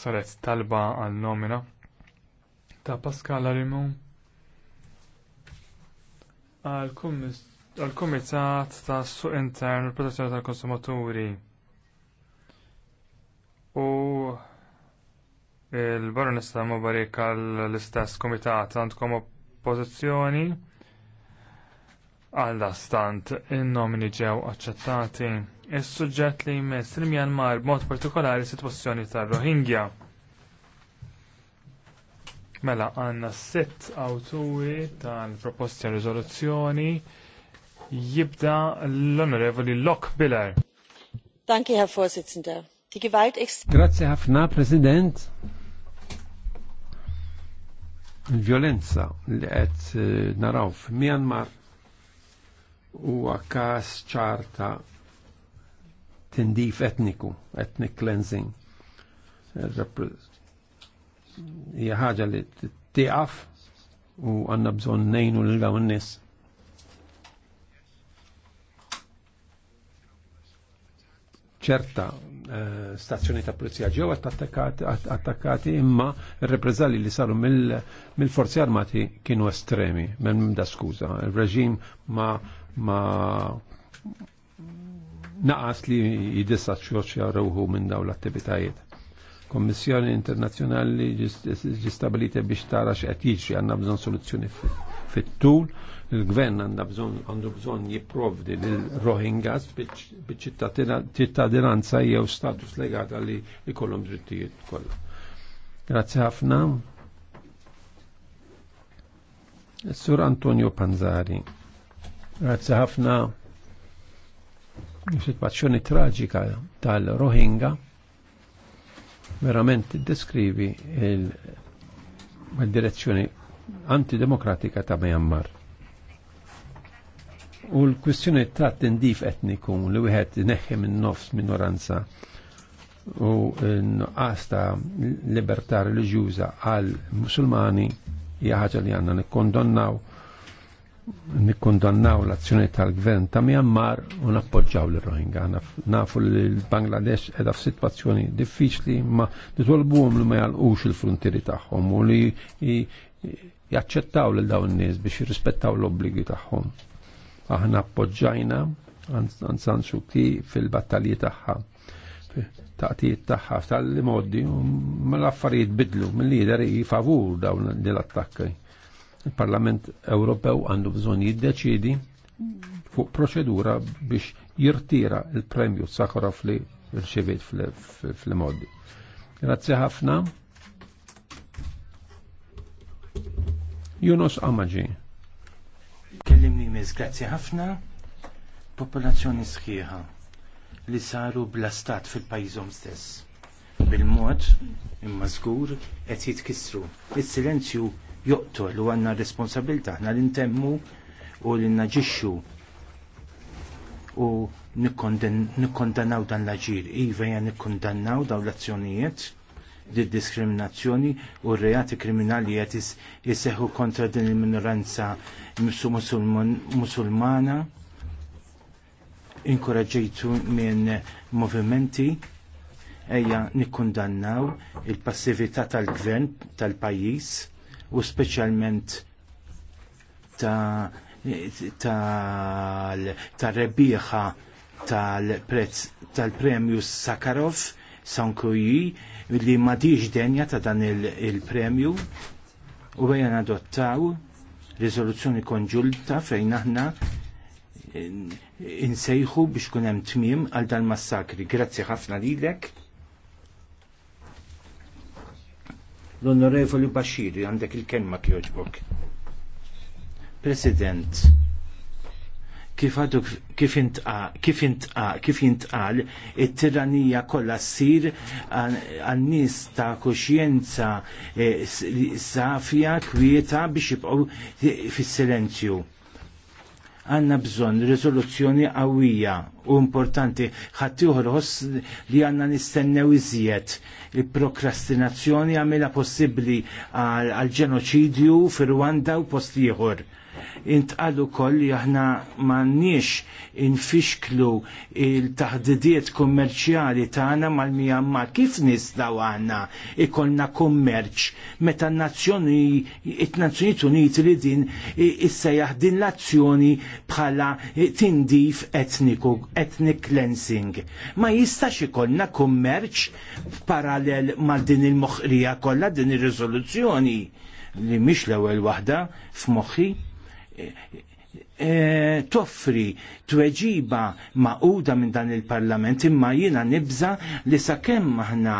saret talba għal nomina ta' Pascal Arimu għal kumitat ta' suq intern u protezzjoni tal-konsumaturi u il-baronista Mubarik għall-istess kumitat għandkom oppożizzjoni għal dastant in-nomini ġew aċċettati is-suġġett li jmiss il-Myanmar b'mod partikolari sitwazzjoni tar-Rohingya. Mela għandna sitt awturi tal-proposti riżoluzzjoni jibda l-Onorevoli Biller. Danke, Herr Vorsitzender. Die Gewalt Grazie ħafna, President il-violenza li qed eh, naraw f'Myanmar huwa każ ċarta tindif etniku, ethnic cleansing. Hija ħaġa li tiqaf u għandna bżonn nejnu lil n nies. ċerta eh, stazzjoni ta' polizija ġew attakkati imma r-reprezali li saru mill-forzi armati kienu estremi, minn da skuza. Il-reġim ma naqas li jidissa xjoċja ruħu minn daw l-attivitajiet. Kommissjoni internazjonali ġistabilite biex tara x'qed jiġi għandna bżonn soluzzjoni fit-tul, il-gvern għanna bżon għandu bżonn jipprovdi lil Rohingyas biċ-ċittadinanza jew status legata li jkollhom drittijiet kollha. Grazie ħafna. Sur Antonio Panzari. Grazie ħafna situazzjoni traġika tal-Rohingya verament deskrivi il-direzzjoni antidemokratika ta' Myanmar. U l-kwistjoni ta' tindif etniku li wieħed neħħi minn nofs minoranza u nuqqas ta' libertà reliġjuża għal musulmani hija ħaġa li għandna nikkondonnaw nikkondannaw l-azzjoni tal-gvern ta' Myanmar u nappoġġaw l-Rohingya. Nafu li l-Bangladesh edha f'sitwazzjoni diffiċli ma nitolbuhom li ma jalqux il-frontieri tagħhom u li jaċċettaw lil dawn nies biex jirrispettaw l-obbligi tagħhom. Aħna appoġġajna Aung San Suu Kyi fil-battalji tagħha taqtijiet tagħha tal-modi u mal-affarijiet mela bidlu mill-lider favur dawn l-attakki il-Parlament Ewropew għandu bżonn jiddeċidi fuq proċedura biex jirtira il-premju Sakharov li rċevit fl modi Grazzi ħafna. Junos Amaġi. Kellimni miz, grazzi ħafna. Popolazzjoni sħiħa li saru blastat fil-pajizom stess. Bil-mod, imma żgur, qed jitkissru. Is-silenzju joqtol u għanna responsabilta ħna li ntemmu u li naġixxu u nikkondannaw dan l-aġir. Iva ja nikkondannaw daw l-azzjonijiet di diskriminazzjoni u r-reati kriminali jgħat jiseħu kontra din il-minoranza musulmana inkoraġġejtu minn movimenti ejja nikkundannaw il-passività tal-gvern tal-pajjiż u speċjalment ta' tal-rebbieħa tal-prezz tal-premju Sakharov Sankuji li ma diġ denja ta' dan il-premju u għajan adottaw rizoluzzjoni konġulta fejn aħna insejħu biex kunem tmim għal dal-massakri. Grazzi ħafna lilek. L-Onorevoli Bashiri għandek il-kelma kjoġbok. President, kif għadu kif intqal kif intqal it-tiranija kollha ssir għan-nies ta' kuxjenza eh, safja kwieta biex jibqgħu fis-silenzju għanna bżon rizoluzzjoni qawwija u importanti ħattijħor ħoss li għanna nistennew iżjed il-prokrastinazzjoni għamela possibli għal ġenoċidju fir Rwanda u post ieħor intqalu koll li aħna m'għandniex infixklu il-taħdidiet kummerċjali tagħna mal-Myanmar. Kif nistgħu aħna ikollna kummerċ meta n-Nazzjonijiet Uniti li din issa jaħdin l-azzjoni bħala tindif etniku, ethnic cleansing. Ma jistax ikollna kummerċ parallel mal din il-moħrija kollha din ir-riżoluzzjoni li mhix l-ewwel waħda f'moħħi Eh, eh, toffri tweġiba maquda minn dan il-parlament imma jiena nibża li sakemm aħna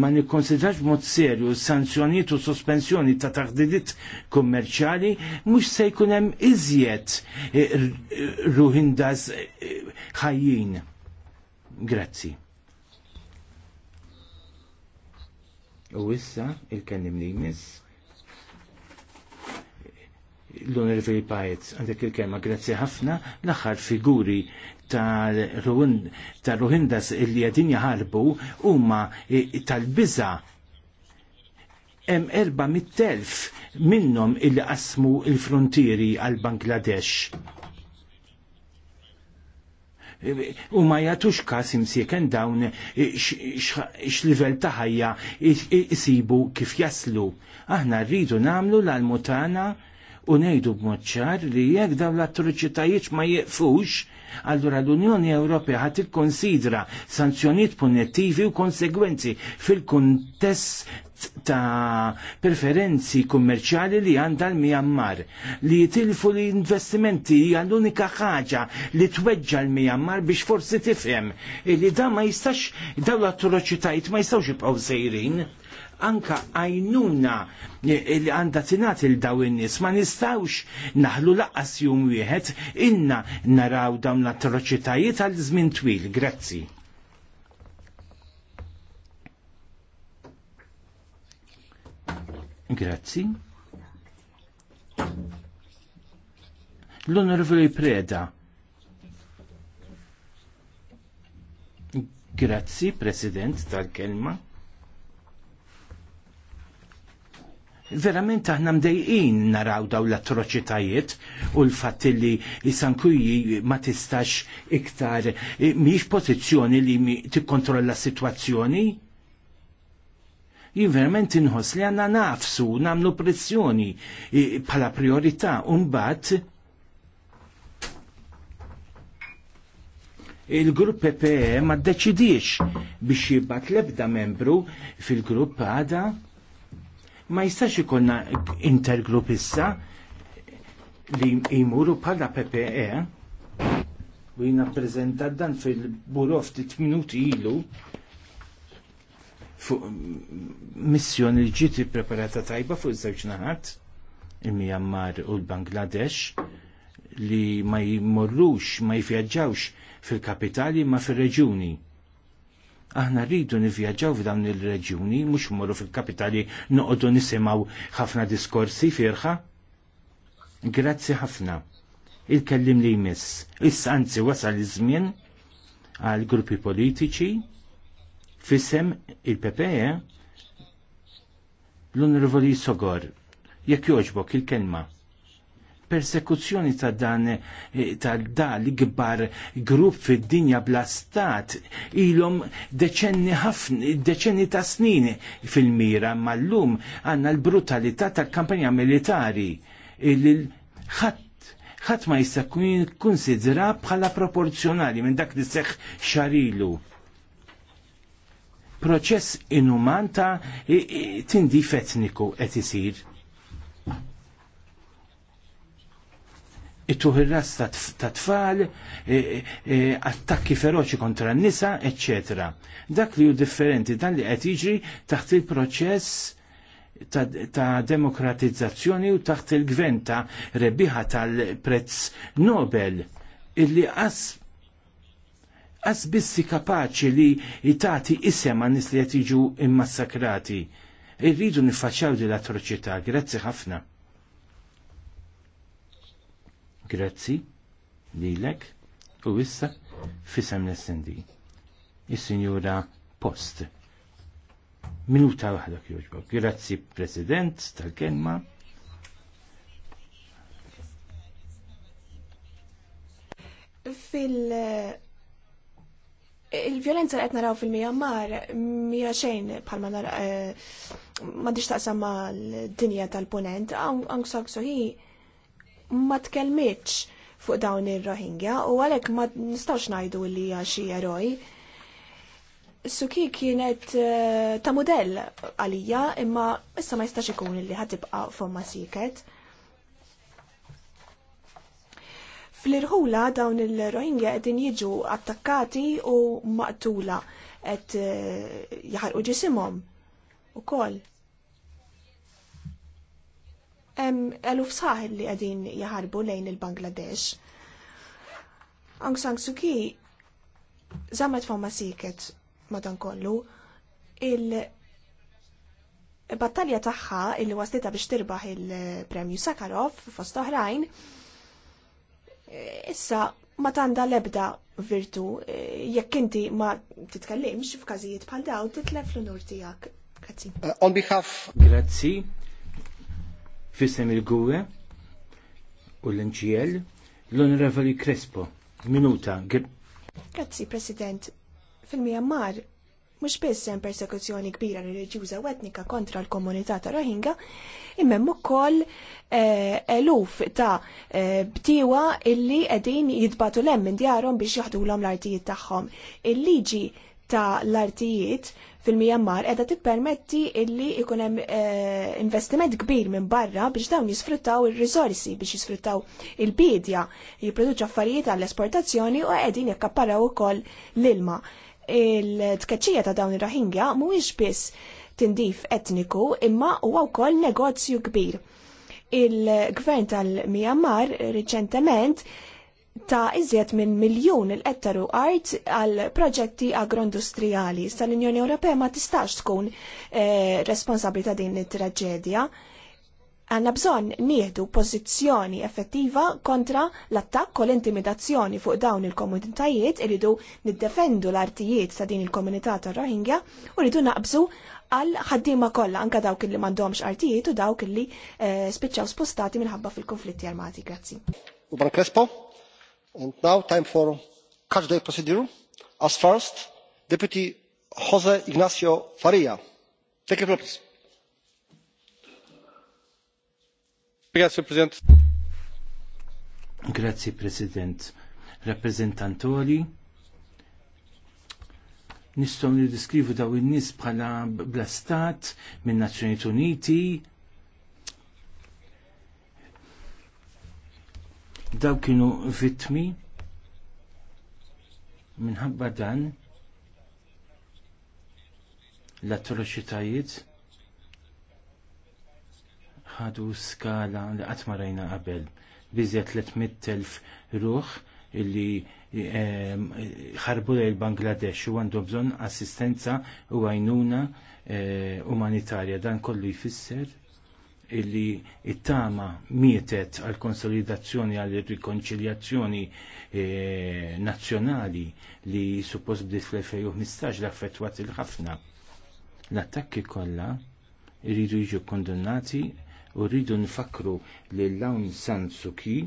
ma nikkonsidrax b'mod serju sanzjonijiet u sospensjoni ta' taħdidiet kummerċjali mhux se jkun hemm iżjed eh, ruhindas ħajjin. Grazzi. U issa il-kellim li jmiss l-Onorevoli Pajt, għandek il-kelma, grazzi ħafna, l-axar figuri Rohindas ruhindas li għadin jaħarbu huma e, tal-biza hemm 400,000 minnhom il qasmu il-frontieri għal Bangladesh. U ma jagħtux każ imsieken dawn e, x'livell ta' ħajja jisibu kif jaslu. Aħna rridu nagħmlu l-almutana u nejdu b'moċċar li jekk dawn l-atroċitajiet ma jieqfux, allura l-Unjoni Ewropea ħat konsidra sanzjoniet punettivi u konsegwenzi fil-kuntest ta' preferenzi kummerċjali li għandha l-Mjammar li jitilfu l-investimenti hija l-unika ħaġa li tweġġa l-Mjammar biex forsi tifhem li da ma jistax dawn l-atroċitajiet ma jistgħux jibqgħu sejrin anka għajnuna li għanda tinat il-daw in-nies ma nistawx naħlu laqqas jum wieħed inna naraw dawn l-atroċitajiet għal żmien twil. Grazzi. Grazzi. l onorvoli preda. Grazzi, President, tal-kelma. verament aħna mdejqin naraw daw l-atroċitajiet u l-fatt li jisankuji ma tistax iktar e, miex pozizjoni li tikkontrolla s-sitwazzjoni. Jien verament inħoss li għanna nafsu, namlu pressjoni e, bħala priorità, un-bat il-grupp PPE ma deċidiex biex jibat lebda membru fil-grupp għada Ma jistax ikonna intergrupp issa li jmuru bħala PPE u jina prezenta dan fil-burof tit minuti ilu fuq missjoni li ġiet preparata tajba fuq żewġ naħat il-Myanmar u l-Bangladesh li ma jmorrux, ma jvjaġġawx fil-kapitali ma fil-reġuni aħna rridu nivvjaġġaw f'dawn il-reġjuni, mhux mmorru fil-kapitali noqogħdu nisimgħu ħafna diskorsi firħa. Grazzi ħafna. Il-kellim li jmiss. Issa anzi wasal iż-żmien għal gruppi politiċi fissem il-PPE l-Onorevoli Sogor. Jekk jogħġbok il-kelma persekuzzjoni ta' dan ta' da l-ikbar grupp fid-dinja bla stat ilhom deċenni ħafna deċenni ta' snin fil-mira mal-lum għandna l-brutalità tal-kampanja militari li ħadd ħadd ma jista' kunsidra bħala proporzjonali minn dak li seħħ xarilu proċess inuman ta' tindif etniku qed isir it ir-ras ta' tfal, e, e, e, attakki feroċi kontra n-nisa, etc. Dak li hu differenti dan li qed jiġri taħt il-proċess ta' demokratizzazzjoni u taħt il-gvern ta' rebiħa tal-prezz Nobel illi qas qas bissi kapaċi li jitati isem għan nis li jtiġu immassakrati. Irridu nifacċaw di l-atroċità, grazzi ħafna. Grazzi lilek u issa fisem l-SND. is signora Post. Minuta waħda kjoġbo. Grazzi President tal-kelma. Fil- il-violenza li qed naraw fil-Myanmar mija xejn bħalma Ma eh, m'għandix taqsam l dinja tal-punent, għang San ma tkellmitx fuq dawn ir-Rohingya u għalhekk ma nistgħux ngħidu li hija xi eroj. Suki kienet eh, ta' modell għalija imma issa ma jistax ikun li ħatibqa' fomma siket. Fl-irħula dawn il-Rohingya qegħdin jiġu attakkati u maqtula qed eh, jaħarqu ġisimhom ukoll hemm eluf saħel li qegħdin jaħarbu lejn il-Bangladesh. Aung San Suu Kyi zamet fama siket madankollu il- battalja tagħha illi waslita biex tirbaħ il-premju Sakharov fost oħrajn issa ma tanda lebda virtu jekk inti ma titkellimx f'każijiet bħal dawn titlef l-unur tiegħek. Grazzi. Uh, on behalf Grazzi fissem il-gwe u l-NGL l-Onorevoli Crespo. Minuta. Grazzi, President. Fil-Myanmar, mux biss hemm persekuzzjoni kbira reliġjuża u etnika kontra l-komunità ta' Rohingya, imma ukoll eh, eluf ta' eh, btiwa illi qegħdin jitbatu lem minn djarhom biex jaħdulhom l-artijiet tagħhom. Il-liġi ta' l-artijiet fil mijammar edha tippermetti illi ikun hemm eh, investiment kbir minn barra biex dawn jisfruttaw ir risorsi biex jisfruttaw il-bidja, jipproduċu affarijiet għall-esportazzjoni u qegħdin jakkapparaw ukoll l-ilma. Il-tkeċċija ta' dawn ir-Rohingya mhuwiex biss tindif etniku imma huwa wkoll negozju kbir. Il-gvern tal mijammar riċentement ta' iżjed minn miljun il-ettaru art għal proġetti agroindustrijali. Sa l-Unjoni Ewropea ma tistax tkun eh, responsabli ta' din it-traġedja. Għanna bżon nieħdu pożizzjoni effettiva kontra l-attakk u l-intimidazzjoni fuq dawn il-komunitajiet iridu niddefendu l-artijiet ta' din il-komunità ta' Rohingya u rridu naqbżu għal ħaddiema kollha anka dawk li m'għandhomx artijiet u dawk li eh, spiċċaw spostati minħabba fil-konflitti armati. Grazzi. U Crespo? and now time for catch the procedure as first deputy jos ignacio faria take it please. Grazie President. Grazie President. Rappresentantoli, nistgħu niddiskrivu daw in-nies bħala bla stat minn Nazzjonijiet Uniti, Daw kienu vittmi minħabba dan l-atroċitajiet ħadu skala li qatt ma rajna qabel. bizja 300.000 ruħ illi ehm, ħarbu lejl Bangladesh u għandu bżonn assistenza u għajnuna eh, umanitarja. Dan kollu jfisser illi it-tama mietet għal konsolidazzjoni għal rikonċiljazzjoni eh, nazzjonali li suppost bdiet fl-2015 l-affettwat il-ħafna. L-attakki kollha rridu jiġu kondannati u rridu nfakru li l-lawn San Suki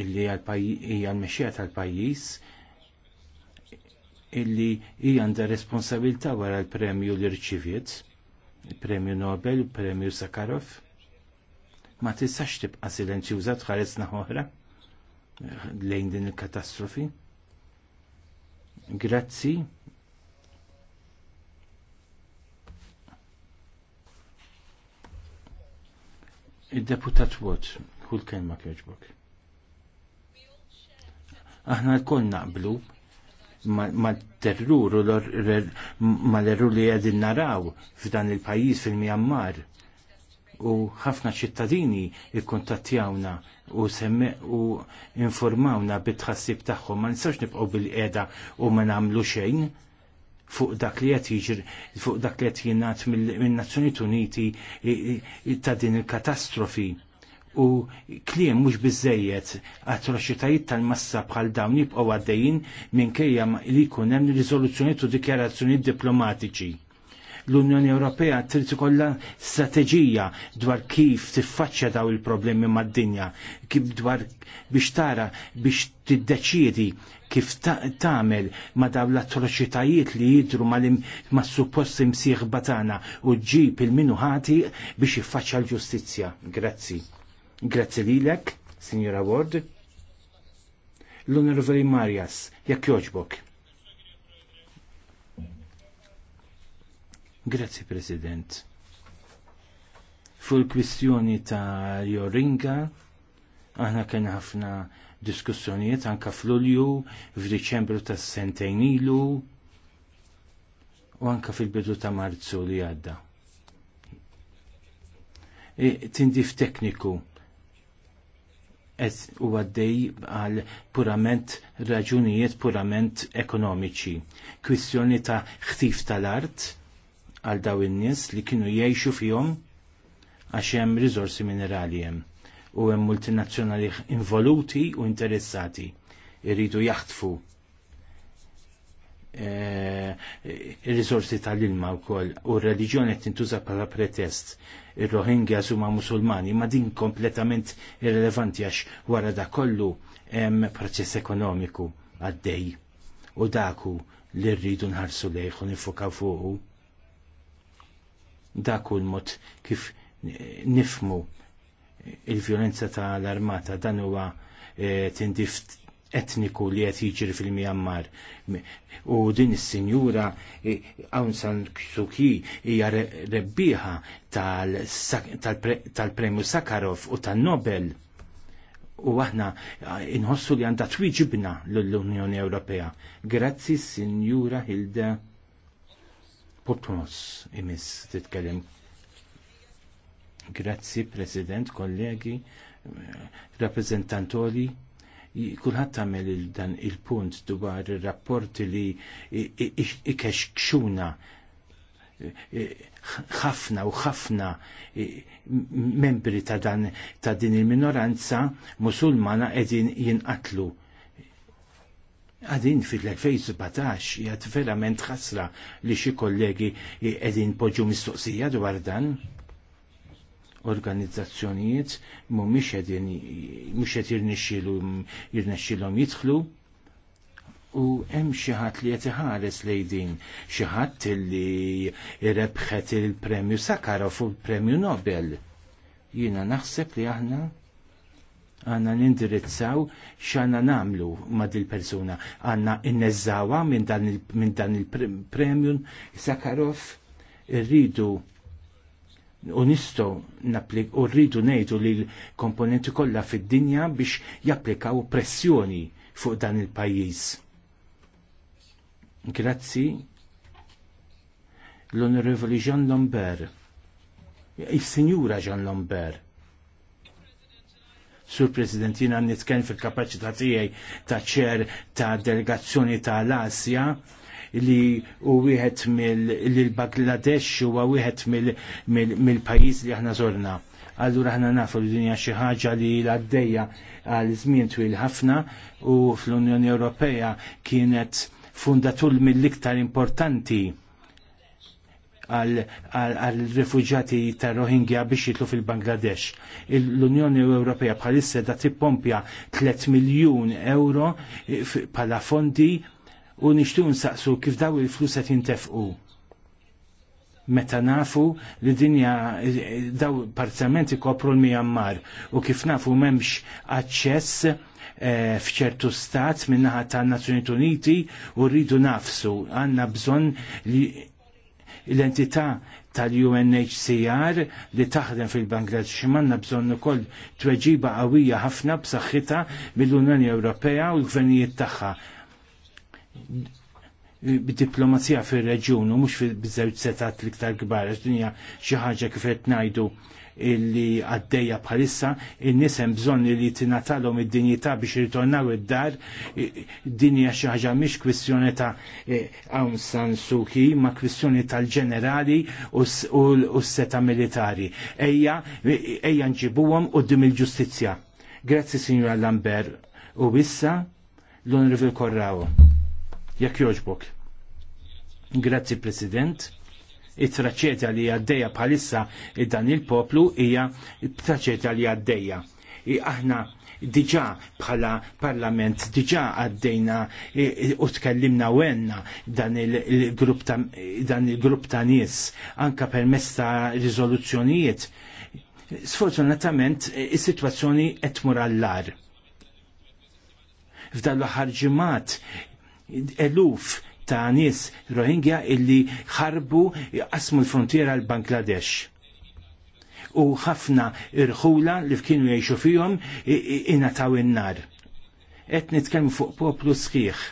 illi hija l tal-pajjiż illi hija għandha responsabilità wara l-premju li rċiviet il-Premju Nobel, il-Premju Sakharov, ma tistax tibqa' silenzjuża tħares oħra eh, lejn din il-katastrofi. Grazzi. Il-deputat Watt, kull kelma kjoġbok. Aħna l-koll naqblu mal-terrur u mal-errur li għedin naraw f'dan il-pajis fil-Mjammar. U ħafna ċittadini ikkontattjawna u semme u informawna bit-tħassib tagħhom ma nistax nibqgħu bil-qiegħda u ma nagħmlu xejn fuq dak li qed fuq dak li qed jingħad min nazzjonijiet Uniti ta' din il-katastrofi u kliem mhux biżejjed atroċitajiet tal-massa bħal dawn jibqgħu għaddejjin minkejja li jkun hemm riżoluzzjonijiet u dikjarazzjonijiet diplomatiċi. L-Unjoni Ewropea trid ikollha strateġija dwar kif tiffaċċja daw il-problemi mad-dinja, kif dwar biex tara biex tiddeċiedi kif tagħmel ma daw l-atroċitajiet li jidru ma' suppost imsieħ batana u ġib il-minu ħati biex jiffaċċja l-ġustizzja. Grazzi. Grazzi lilek, Signora Ward. L-Onorevoli Marias, jekk joġbok. Grazzi, President. Fuq kwistjoni ta' Joringa, aħna kien ħafna diskussjonijiet anka f'Lulju, f'Diċembru tas sentejn ilu, u anka fil-bidu ta' Marzu li għadda. E, tindif tekniku u għaddej għal purament raġunijiet purament ekonomiċi. Kwistjoni ta' ħtif tal-art għal daw in-nies li kienu jgħixu fihom għax hemm riżorsi minerali hemm u hemm multinazzjonali involuti u interessati irridu jaħtfu il eh, risorsi tal-ilma u kol u r-reġjoni qed tintuża bħala pretest ir rohingya huma Musulmani, ma din kompletament irrelevanti għax wara da kollu hemm proċess ekonomiku għaddej u daku li rridu nħarsu lejħu u nifukaw fuqu. Daku l-mod kif nifmu il-vjolenza tal-armata dan huwa eh, tindif etniku li qed jiġri fil-Myanmar. U din is-sinjura Aung San Suu Kyi hija rebbieħa tal-Premju Sakharov u tan-Nobel. U aħna inħossu li għandha twiġibna l-Unjoni Ewropea. Grazzi sinjura Hilda Potmos imis titkellem. Grazzi President, kollegi, rappresentantori kulħadd tagħmel dan il-punt dwar ir-rapporti li ikexxuna ħafna u ħafna membri ta' dan ta' din il-minoranza musulmana qegħdin jinqatlu. Għadin fil-2017 jgħat verament ħasra li xi kollegi qegħdin poġġu mistoqsija dwar dan organizzazzjonijiet mhumiex qegħdin mhux qed jirnexxilhom jidħlu u hemm xi ħadd li qed iħares lejdin xi ħadd li rebħet il-Premju Sakharov u l-Premju Nobel. Jiena naħseb li aħna għanna nindirizzaw xana namlu ma dil persuna għanna innezzawa minn dan il premju Sakarov irridu u nistgħu napplik u rridu ngħidu li l-komponenti kollha fid-dinja biex japplikaw pressjoni fuq dan il-pajjiż. Grazzi l-Onorevoli Jean Lambert, il-Sinjura Jean Lambert. Sur President, jina nitken fil-kapacità tiegħi ta' ċer ta' delegazzjoni ta' l-Asja, li u wieħed mill-Bangladesh huwa wieħed mill-pajjiż li aħna żorna. Allura aħna nafu li dinja xi ħaġa li għaddejja għal żmien twil ħafna u fl-Unjoni Ewropea kienet fundatur mill-iktar importanti għal-refugjati ta' Rohingya biex jitlu fil-Bangladesh. L-Unjoni Ewropea bħalissa da tippompja 3 miljun euro bħala fondi u nishtu nsaqsu kif daw il-flus għet jintefqu. Meta nafu li dinja daw parzament kopru l mijammar u kif nafu m'hemmx aċċess eh, fċertu stat minnaħa ta' Nazzjoni Uniti u rridu nafsu għanna bżon li l-entità tal-UNHCR li taħdem fil-Bangladesh manna bżonn ukoll tweġiba qawwija ħafna b'saħħitha mill-Unjoni Ewropea u l-gvernijiet tagħha bid-diplomazija fir-reġjun u mhux biżewġ setat l-iktar kbar għax dinja xi ħaġa kif qed ngħidu li għaddejja bħalissa in nisem bżon bżonn li tingħatalhom id dinjita biex irtornaw id-dar dinja xi ħaġa mhix kwistjoni ta' e, Aung San Suu Kyi ma kwistjoni tal-ġenerali u s-seta militari. Ejja ejja nġibuhom quddiem il-ġustizzja. Grazzi signora Lambert u bissa l-Onrivil Korrawo. Jekk jogħġbok. Grazzi President it-traċeta li għaddeja bħalissa dan il-poplu hija traċeta li għaddeja. Aħna diġa bħala parlament, diġa għaddejna u tkellimna wenna dan il-grupp ta' nies, anka permess ta' riżoluzzjonijiet. Sfortunatament, is-sitwazzjoni qed tmur allar f'dan l-ħarġimat eluf ta' nies Rohingya illi ħarbu qasmu l-frontiera l bangladesh U ħafna irħula li kienu jgħixu fihom ingħataw in-nar. Qed nitkellmu fuq poplu sħiħ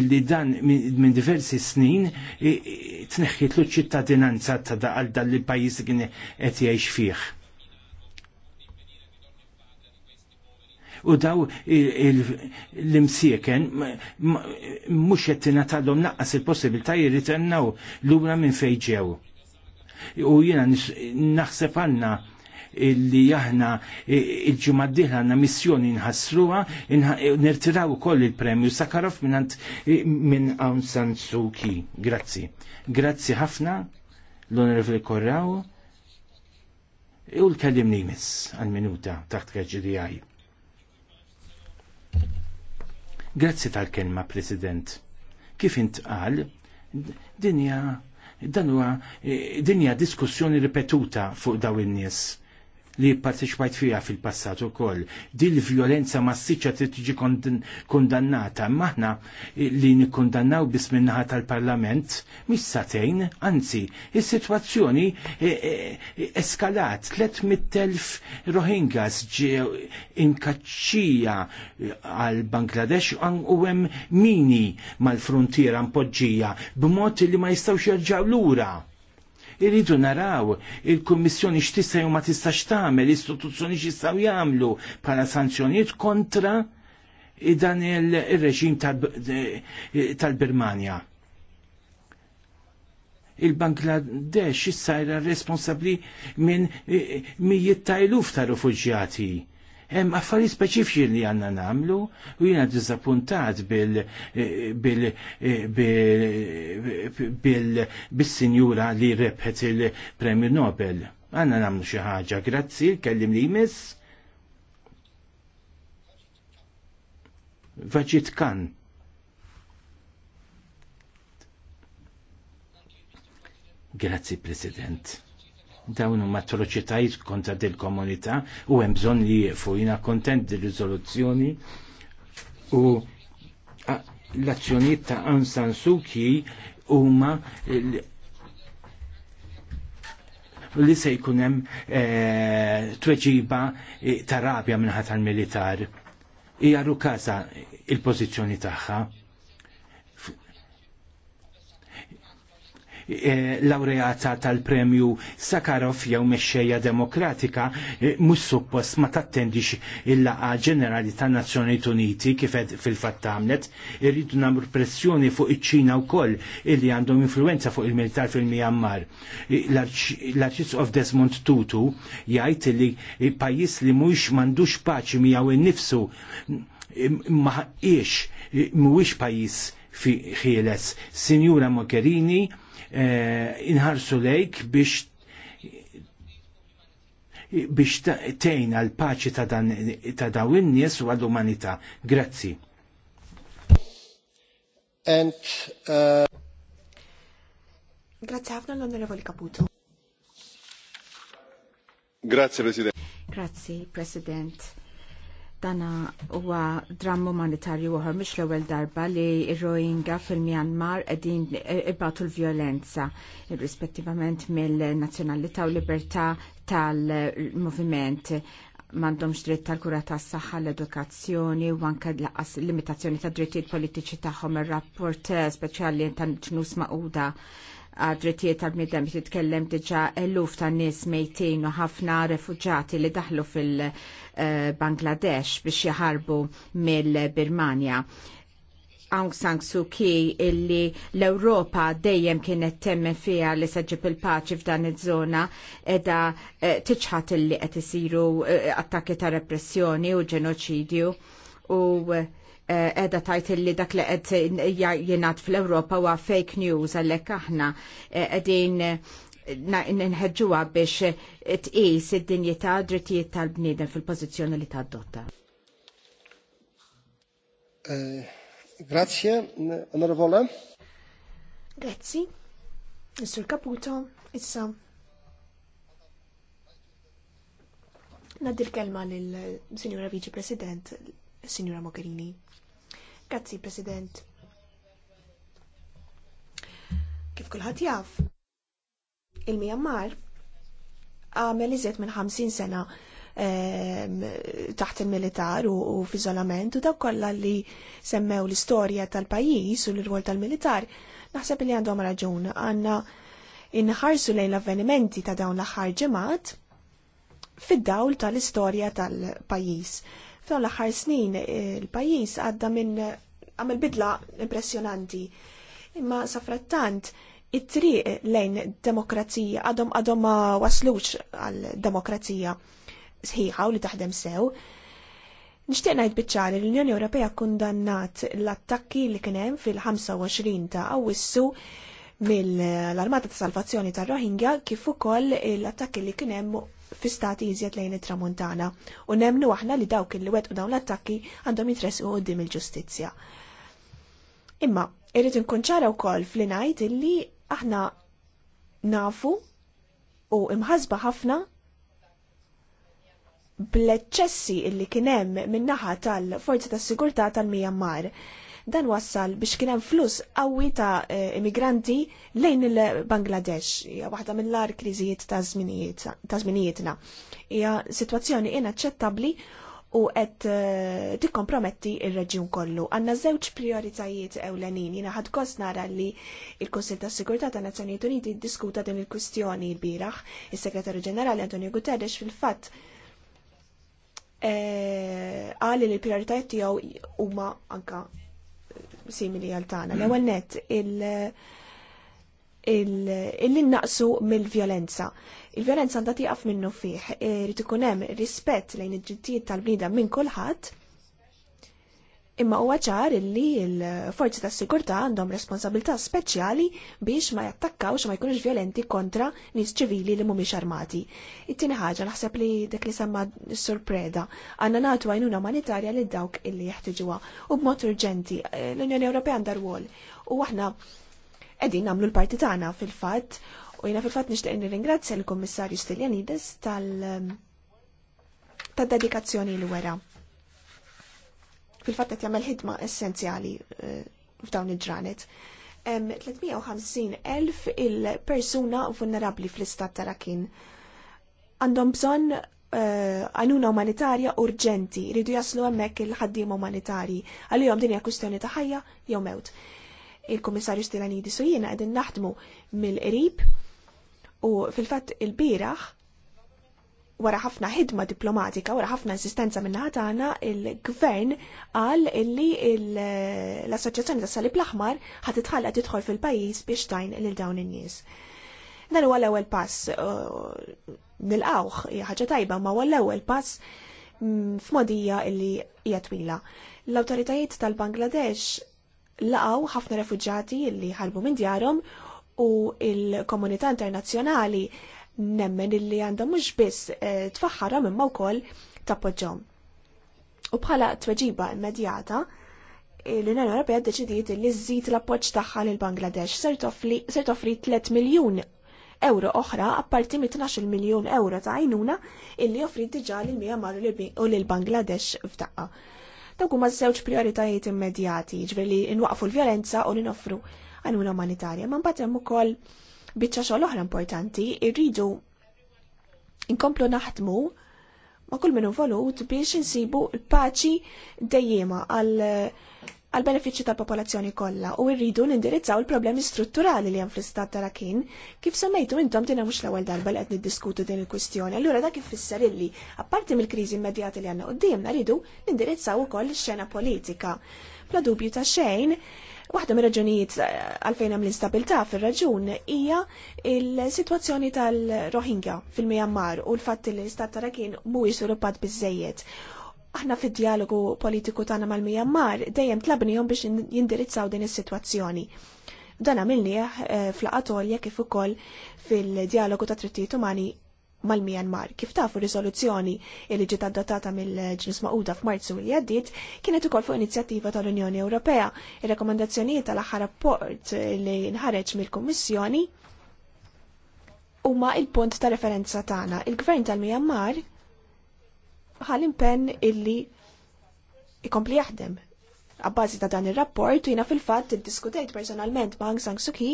illi dan minn diversi snin tneħħitlu ċittadinanza ta' daqal dan li pajjiż kien qed jgħix fih u daw l-imsieken mux jettina tal-lom naqqas il-possibilta jirritennaw l-ura minn fejġew. U jina naħseb għanna illi jahna il ġumaddiħ għanna missjoni nħassruha nirtiraw ukoll il-premju Sakarof minnant minn Aung San Suu Kyi. Grazzi. Grazzi ħafna l-Onorevoli Korraw u l-kellimni jmiss għal-minuta taħt kaġġi Grazzi tal-kelma, President. Kif intqal, dinja dan huwa eh, dinja diskussjoni ripetuta fuq daw in-nies li parteċipajt fija fil-passat u koll. Dil violenza massiċa tiġi kondannata, maħna li nikondannaw bisminnaħa tal-parlament, mis satejn, anzi, il-situazzjoni e, e, e, eskalat, 300.000 Rohingyas ġew inkaċċija għal Bangladesh u għem mini mal-frontiera mpoġġija b'mod li ma jistawx jerġaw lura Irridu naraw il-Kummissjoni x'tista' jew ma tistax tagħmel, l-istituzzjoni x'jistgħu jagħmlu bħala sanzjonijiet kontra dan il-reġim tal-Birmania. Il-Bangladesh issa jra responsabbli minn mijiet ta' iluf ta' rifuġjati Hemm affarijiet speċifiċi li għandna nagħmlu u jiena ddiżappuntat bil sinjura li rebħet il-Premju Nobel. Għanna nagħmlu xi ħaġa, grazzi, kellim li jmiss. Vaġit kan. Grazzi, President dawn huma atroċitajiet kontra din komunità u hemm bżonn li jieqfu jiena kontent di riżoluzzjoni u l-azzjonijiet ta' Aung San Suu Kyi huma li se jkun hemm eh, tweġiba eh, ta' rabja ħatar militar. Hija rukaza il-pożizzjoni tagħha. Eh, laureata tal-premju Sakharov jew mexxejja demokratika eh, mhux suppost ma tattendix il-laqa ġenerali tan-Nazzjonijiet Uniti kif fil-fatt għamlet, irridu nagħmlu pressjoni fuq iċ-Ċina wkoll illi għandhom influenza fuq il-militar fil-Myanmar. Eh, L-Arċisqof Desmond Tutu jgħid li pajjiż li mhuwiex m'għandux paċi miegħu innifsu maħqiex mhuwiex pajjiż fi ħieles. Sinjura Mogherini, Eh, inħarsu lejk biex biex tejn għal paċi ta' daw in-nies u għall-umanità. Grazzi. And uh... Grazie ħafna l-Onorevoli Caputo. Grazie Presidente. Grazie Presidente. Dana huwa dramma umanitarju oħor mhix l-ewwel darba li r-Rohingya fil-Myanmar qegħdin ibatu l-vjolenza rispettivament mill-nazzjonalità u libertà tal-moviment m'għandhomx dritt tal-kura tas-saħħa l-edukazzjoni u anke laqas limitazzjoni ta' drittijiet politiċi tagħhom ir-rapport speċjali tan-ġnus maquda drittijiet tal-bnidem titkellem diġa eluf ta' nies mejtin u ħafna refugġati li daħlu fil- Eh, Bangladesh biex jaħarbu mill-Birmania. Aung San Suu Kyi illi l-Europa dejjem kienet temme fija li seġib il-paċi f'dan iż-żona edha eh, tiċħat illi qed isiru eh, attakki ta' repressjoni u ġenoċidju u edha tajt illi dak li qed jingħad fl-Ewropa huwa fake news għalhekk aħna qegħdin nħedġuwa biex t-qis id-dinjità drittijiet tal bnidem fil pozizjoni li dotta. Eh, grazie, onorevole. Grazie, Mr. Caputo, issa. Naddi kelma l-Signora Vice President, Signora Mogherini. Grazie, President. Kif kulħat jaf, il-Myanmar għamel iżjed minn 50 sena ehm, taħt il-militar u f'iżolament u dawk kollha li semmew l-istorja tal-pajjiż u l-rwol tal-militar, naħseb li għandhom raġun għandna inħarsu lejn l-avvenimenti ta' dawn l-aħħar ġemat fid-dawl tal-istorja tal-pajjiż. F'dawn l-aħħar snin eh, il-pajjiż għadda minn għamel bidla impressjonanti. Imma safrattant, it-triq lejn demokrazija għadhom għadhom ma waslux għal demokrazija sħiħa u li taħdem sew. Nixtieq ngħid biċċari l-Unjoni Ewropea kundannat l-attakki li kien hemm fil-25 ta' Awwissu mill-Armata ta' Salvazzjoni tar-Rohingya kif ukoll l-attakki li kien hemm fi stati iżjed lejn it-Tramuntana u nemnu aħna li dawk li wetqu dawn l-attakki għandhom u qudiem il-ġustizzja. Imma irrid inkun ċara wkoll fli ngħid illi Aħna nafu u imħazba ħafna bl-eċċessi illi kienem minnaħa tal-forzi tas sigurtà tal-Myanmar. Dan wassal biex kienem flus qawwi ta' eh, immigranti lejn il-Bangladesh. Hija waħda mill-ar kriżijiet ta' żminijietna. Hija sitwazzjoni inaċċettabbli u qed eh, tikkomprometti il reġjun kollu. Għanna żewġ prioritajiet ewlenin jina ħad nara li l konsil tas-Sigurtà ta' Nazzjonijiet Uniti diskuta din il-kwistjoni l biraħ il segretarju Ġenerali Antonio Guterres fil-fatt eh, għalli li l-prioritajiet tiegħu huma anka simili għal tagħna. L-ewwel nett il- illi naqsu mill-vjolenza. Il-vjolenza għandha tieqaf minnu fiħ, irid ikun hemm rispett lejn id-ġittijiet tal bnida minn kulħadd, imma huwa ċar illi l-forzi tas sigurtà għandhom responsabilità speċjali biex ma jattakkawx ma jkunux vjolenti kontra nies ċivili li mhumiex armati. It-tieni ħaġa naħseb li dek li semma s-surpreda għanna nagħtu għajnuna umanitarja li dawk illi jeħtieġuha u b'mod urġenti l-Unjoni Ewropea għandha rwol u aħna edin namlu l-parti tagħna fil-fatt u jina fil-fatt nixtieq nirringrazzja l-Kummissarju Stiljanides tal- ehm, tad-dedikazzjoni li wera. Fil-fatt qed jagħmel ħidma essenzjali eh, f'dawn il-ġranet. 350.000 il-persuna vulnerabli fl-istat tarakin. Għandhom bżon eh, għanuna umanitarja urġenti, ridu jaslu għemmek il-ħaddim umanitarji, għalijom dinja kustjoni ta' ħajja jew mewt il-Komissarju Stilanidis u jiena qegħdin naħdmu mill-qrib u fil-fatt il biraħ wara ħafna ħidma diplomatika, wara ħafna insistenza minna ħatana, il-gvern għal illi l-Assoċjazzjoni tas Salib l-Aħmar ħat itħalla tidħol fil-pajjiż biex tajn lil dawn in-nies. Dan huwa l-ewwel pass uh, nilqawh hija ħaġa tajba ma huwa l-ewwel pass mm, f'modija illi hija twila. L-awtoritajiet tal-Bangladesh laqaw ħafna refuġġati li ħarbu minn djarhom u il-komunità internazzjonali nemmen illi għandhom mhux biss eh, tfaħħarhom imma wkoll tappoġġhom. U bħala tweġiba immedjata, l-Unjoni Ewropea ddeċidiet li żżid l-appoġġ tagħha lil Bangladesh ser toffri 3 miljun euro oħra apparti mit 12 miljun euro ta' għajnuna illi offri diġà lil Myanmar u lil Bangladesh f'daqqa. Dawk huma żewġ prioritajiet immedjati, jiġri li nwaqfu l-vjolenza u li noffru għanuna umanitarja. Ma mbagħad hemm ukoll biċċa xogħol oħra importanti, irridu inkomplu naħdmu ma' kull minn involut biex insibu l-paċi dejjema għal għal benefiċċju tal-popolazzjoni kollha u rridu nindirizzaw il-problemi strutturali li hemm fl-istat ta' rakin kif semmejtu intom dinha mhux l-ewwel darba li qed niddiskutu din il-kwistjoni. Allura dak ifisser illi apparti mill-kriżi immedjata li għandna qudiem rridu nindirizzaw ukoll ix-xena politika. Bla dubju ta' xejn, Waħda mir raġunijiet eh, għalfejn hemm l-instabilità fir-raġun hija l-sitwazzjoni tal-Rohingya fil-Myanmar u l-fatt li l-istat ta' rakin mhuwiex sviluppat biżejjed. Aħna fid-dialogu politiku tagħna mal-Myanmar dejjem tlabnihom biex jindirizzaw din is-sitwazzjoni. Dan għamilnieh eh, fl-Atolja kif ukoll fil-dialogu ta' trittijiet umani mal-Myanmar. Kif tafu riżoluzzjoni li ġiet adottata mill-ġnus Maquda f'Marzu li għaddiet kienet ukoll fuq inizjattiva tal-Unjoni Ewropea. Ir-rekomandazzjonijiet tal-aħħar rapport li nħareġ mill-Kummissjoni huma il-punt ta' referenza tagħna. Il-Gvern tal-Myanmar ħal impenn illi ikompli jaħdem. Abbażi ta' dan ir-rapport jina fil-fatt iddiskutejt personalment ma' Aung San Suu Kyi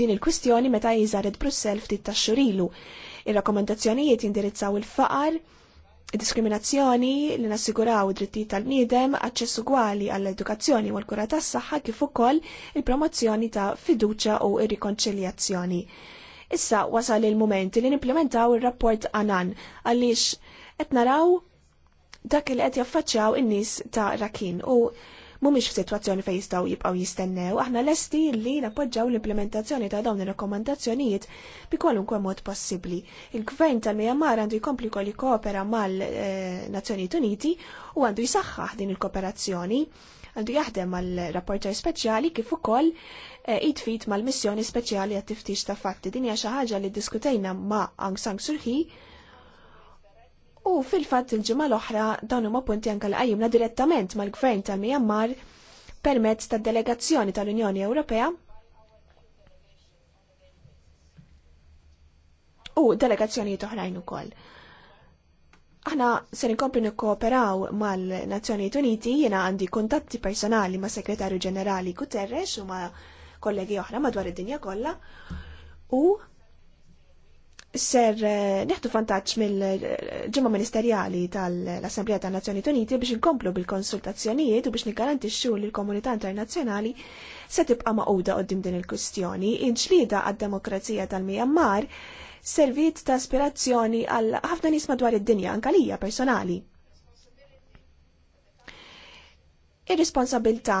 din il-kwistjoni meta jiżaret Brussel ftit ta' xurilu. Ir-rakkomandazzjonijiet jindirizzaw il-faqar, diskriminazzjoni li nassiguraw id-drittijiet tal-bniedem, aċċess ugwali għall-edukazzjoni u l-kura tas-saħħa kif ukoll il-promozzjoni ta' fiduċja u r-rikonċiljazzjoni. Issa wasal il-moment li nimplementaw ir-rapport Anan għaliex qed naraw dak il qed jaffaċċjaw in-nies ta' rakin u mhumiex f'sitwazzjoni fejn jistgħu jibqgħu jistennew, aħna lesti li napoġġaw l-implementazzjoni ta' dawn ir-rakkomandazzjonijiet bi kwalunkwe mod possibbli. Il-Gvern tal-Myanmar għandu jkompli kolli koopera mal-Nazzjonijiet eh, Uniti u għandu jisaħħaħ din il-kooperazzjoni għandu jaħdem mal rapporter speċjali kif ukoll jitfit eh, mal-missjoni speċjali għat tiftix ta' fatti. Din hija xi ħaġa li diskutejna ma' Aung San Suu Kyi U fil-fatt il-ġimgħa l-oħra dawn huma punti anke l-qajjimna direttament mal-Gvern ta' Myanmar permezz tad-delegazzjoni tal-Unjoni Ewropea u delegazzjonijiet oħrajn ukoll. Aħna se nkomplu nikkooperaw mal-Nazzjonijiet Uniti, jiena għandi kuntatti personali ma' Segretarju Ġenerali Guterres u ma' kollegi oħra madwar id-dinja kollha u ser eh, neħtu vantaġġ mill-ġimgħa ministerjali tal-Assemblea tan-Nazzjonijiet Uniti biex inkomplu bil-konsultazzjonijiet u biex nigarantixxu li l-komunità internazzjonali se tibqa' maquda qoddim din il-kwistjoni. Inġlieda għad-demokrazija tal-Myanmar servit ta' aspirazzjoni għal ħafna nies madwar id-dinja anke lija personali. Ir-responsabilità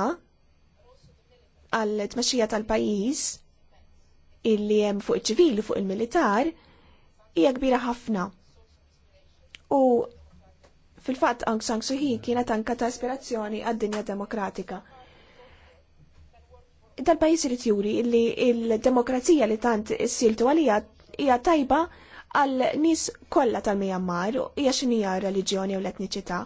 għal tmexxija tal-pajjiż illi hemm fuq iċ-ċivili fuq il-militar il militar hija kbira ħafna. U fil-fatt Aung San Suu Kyi kienet anka ta' ispirazzjoni għad-dinja demokratika. Dal-pajis irid juri li il-demokrazija li tant s-siltu għalija hija tajba għal nies kollha tal-Myanmar hija xinija reliġjoni u l-etniċità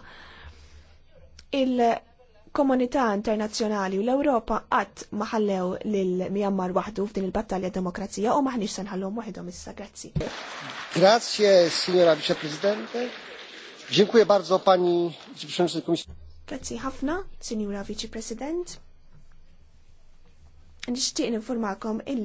komunità internazzjonali u l-Ewropa qatt ma ħallew lil Myanmar waħdu f'din il-battalja demokrazija u maħniex se nħallhom waħedhom issa. Grazzi. Grazie, signora vicepresidente. Dziękuję bardzo pani wiceprzewodniczącej komisji. Grazzi ħafna, signora viċi-president. Nixtieq informakom il